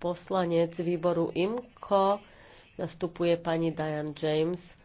poslanec výboru IMCO, zastupuje pani Diane James.